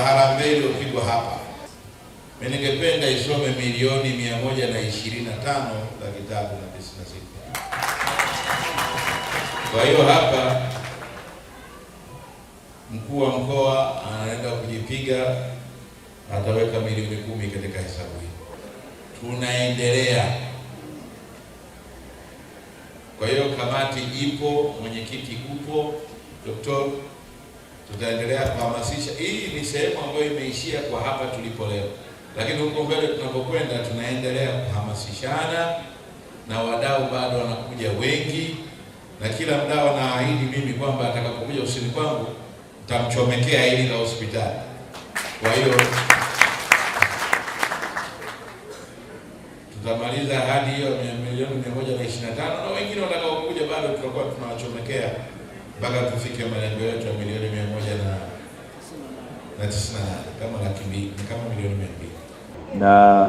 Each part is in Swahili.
maharambee iliyopigwa hapa, mimi ningependa isome milioni mia moja na ishirini na tano laki tatu na tisini na sita. Kwa hiyo hapa mkuu wa mkoa anaenda kujipiga, ataweka milioni kumi katika hesabu hii. Tunaendelea. Kwa hiyo kamati ipo, mwenyekiti upo, Dr tutaendelea kuhamasisha. Hii ni sehemu ambayo imeishia kwa hapa tulipo leo, lakini huko mbele tunapokwenda, tunaendelea kuhamasishana na wadau bado wanakuja wengi, na kila mdau anaahidi mimi kwamba atakapokuja usini kwangu tamchomekea hili la hospitali. Kwa hiyo tutamaliza hadi hiyo milioni mia moja na ishirini na tano na wengine watakaokuja bado tutakuwa tunawachomekea mpaka tufike malengo yetu ya milioni mia moja na tisini na nane kama laki mbili kama milioni mia mbili na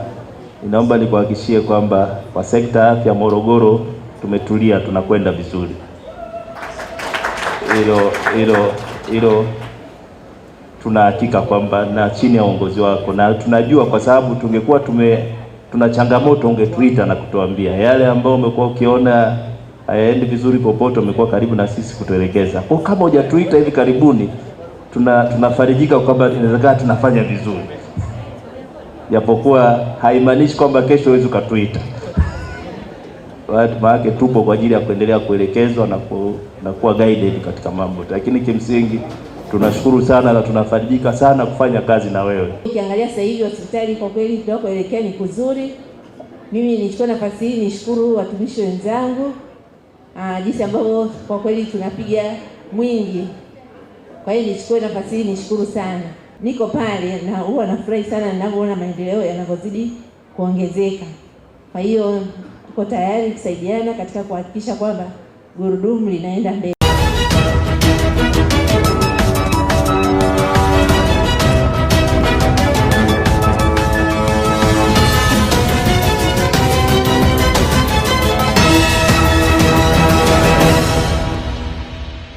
inaomba nikuhakikishie kwamba kwa sekta ya afya Morogoro tumetulia, tunakwenda vizuri. Hilo hilo hilo tunahakika kwamba na chini ya uongozi wako, na tunajua kwa sababu tungekuwa tume tuna changamoto, ungetuita na kutuambia yale ambayo umekuwa ukiona haendi vizuri popote, umekuwa karibu na sisi kutuelekeza. Kwa kama hujatuita hivi karibuni, tuna tunafarijika kwamba inawezekana tunafanya vizuri, japokuwa haimaanishi kwamba kesho huwezi ukatuita maanake tupo kwa ajili ya kuendelea kuelekezwa na, ku, na kuwa guided katika mambo, lakini kimsingi tunashukuru sana na tunafarijika sana kufanya kazi na wewe. Ukiangalia sasa hivi hospitali kwa kweli tunakoelekea ni kuzuri. Mimi nichukua nafasi hii nishukuru watumishi wenzangu uh, jinsi ambavyo kwa kweli tunapiga mwingi. Kwa hiyo nichukue nafasi hii nishukuru sana, niko pale na huwa nafurahi sana ninavyoona maendeleo yanavyozidi kuongezeka. Kwa hiyo tuko tayari kusaidiana katika kuhakikisha kwamba gurudumu linaenda mbele.